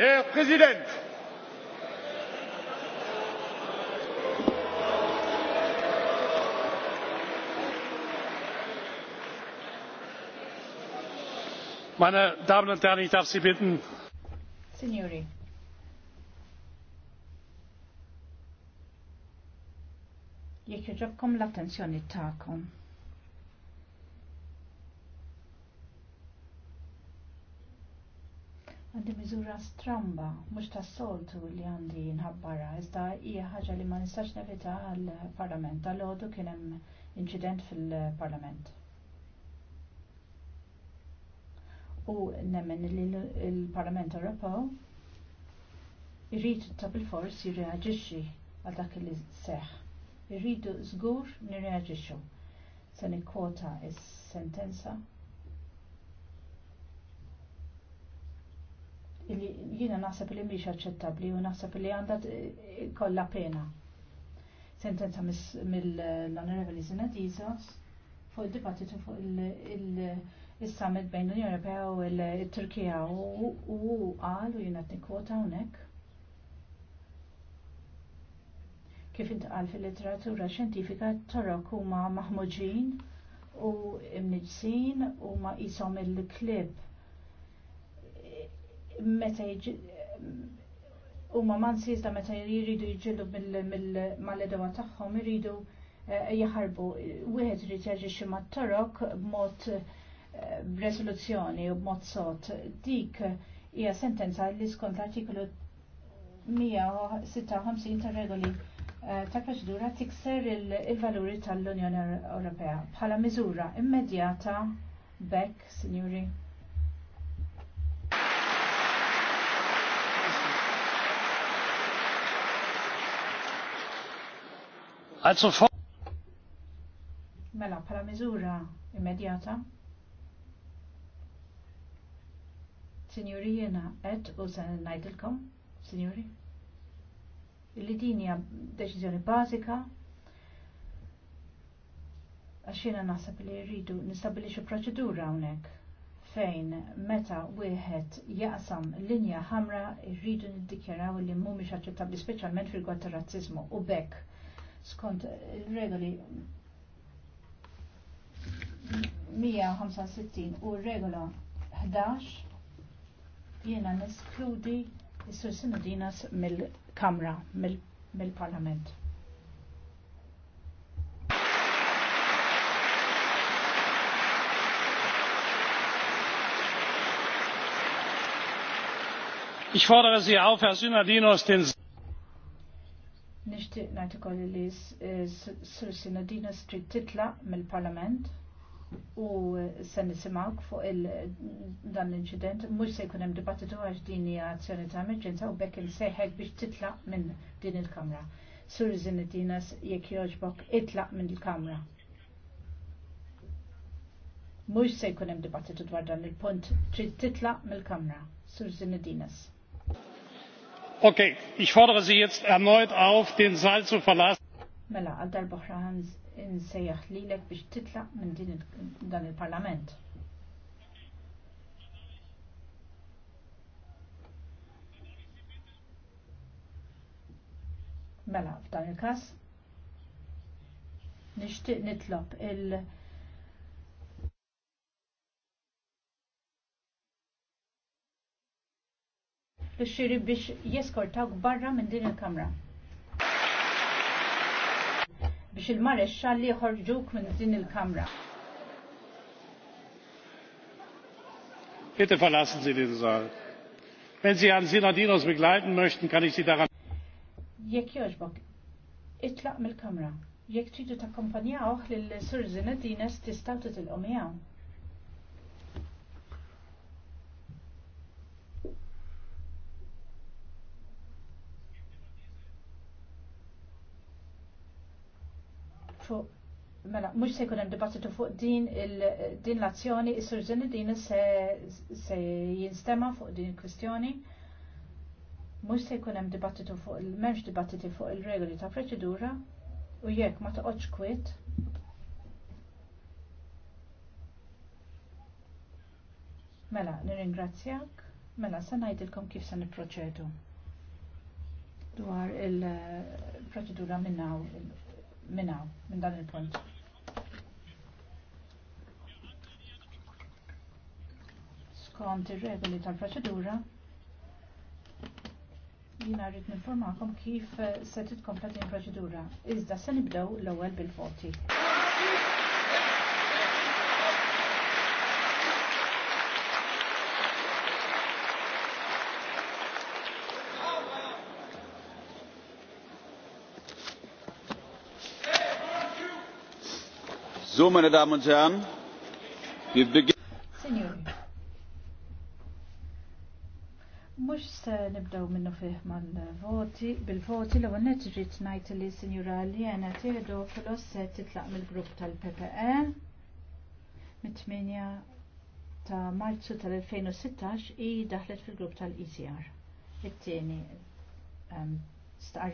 Der Präsident! Meine Damen und Herren, ich darf Sie bitten. Signori. Jekk joġobkom l-attenzjoni ta'kom. Għandi miżura stramba, mhux tas-soltu li għandi nħabbara, iżda hija ħaġa li ma nistax nevita għall-Parlament. għal għodu kien hemm inċident fil-Parlament. U nemmen li l-Parlament Ewropew irrid ta' bil-fors jirreaġixxi għal dak li seħ. Irridu żgur nirreaġixxu. Se nikkwota is-sentenza jina naħseb li mhix aċċettabbli u naħseb li għandha eh, kollha pena. Sentenza mill-Onorevoli Dizos, fuq il-dibattitu fuq il-summit bejn l-Unjoni Ewropea u l-Turkija u qal u jina t nikvota hawnhekk. Kif intqal fil-literatura xjentifika torok huma maħmuġin u mniġsin u ma qishom il-klib meta huma mansis ta' meta jridu jġillu mal-edewa tagħhom iridu eh, jaħarbu. Wieħed irid jaġixxi mat-torok b'mod eh, b'resoluzzjoni u b'mod sot. Dik hija sentenza li skont l artiklu 156 ta' regoli eh, ta' proċedura tikser il-valuri tal-Unjoni Ewropea bħala miżura immedjata bekk, sinjuri. Mela, pala miżura immedjata. Signori, jena et u se ngħidilkom, signori. Illi din hija deċiżjoni bażika għax naħseb li rridu nistabilixu proċedura hawnhekk fejn meta wieħed jaqsam linja ħamra rridu niddikjaraw li mhumiex aċċettabbli speċjalment fil-gwatt tar-razziżmu u bekk skont il regoli 165 u regola 11 jiena neskludi s-sur Sinodinas mill-Kamra, mill-Parlament. Ich fordere Sie auf, Herr Synadinos, den nixtieq ngħid ukoll li Sur Sinodina Street titlaq mill-Parlament u se nisimgħu fuq dan l-inċident mhux se jkun hemm dibattitu għax din hija azzjoni ta' emerġenza u bekk insejħek biex titlaq minn din il-Kamra. Sur Sinodina jekk jogħġbok itlaq minn il-Kamra. Mhux se jkun hemm dibattitu dwar dan il-punt trid mill-Kamra. Sur Okay, ich fordere Sie jetzt erneut auf, den Saal zu verlassen. Mela, għal darba ħranz insejjaħ lilek biex titlaq minn din dan il-parlament. Mela, f'dan il-kas, nixtieq nitlob il-, -il l-xiri biex jeskortawk barra minn din il-kamra. Biex il-marexxalli jħorġuk minn din il-kamra. Bitte verlassen Sie den Saal. Wenn Sie Herrn Sinadinos begleiten möchten, kann ich Sie daran. Jekk joġbok, itlaq mill-kamra. Jek tridu ta' kompanija oħ lil Sur Zinadinos tistaw titilqu miegħu. fuq Mela, mux se hemm dibattitu fuq din din l-azzjoni, is-surġeni din se, se jinstema fuq din il-kwistjoni. Mux se hemm dibattitu fuq il memx dibattiti fuq il-regoli ta' proċedura u jekk ma toqgħodx kwiet. Mela, nirringrazzjak. Mela, se ngħidilkom kif se nipproċedu dwar il-proċedura minnaw minnaw, minn dan il-punt. Skont ir-regoli tal-proċedura, jina rrid ninformakom kif se titkompla din proċedura. Iżda se nibdew l-ewwel bil-voti. So, meine Damen und Herren, wir beginnen. Mux se nibdaw minnu fih mal-voti, bil-voti l għan neġrit najt li senjura li għana tiedu fil-os se titlaq mill-grupp tal-PPE mit-8 ta' marzu tal-2016 i daħlet fil-grupp tal-ECR. It-tieni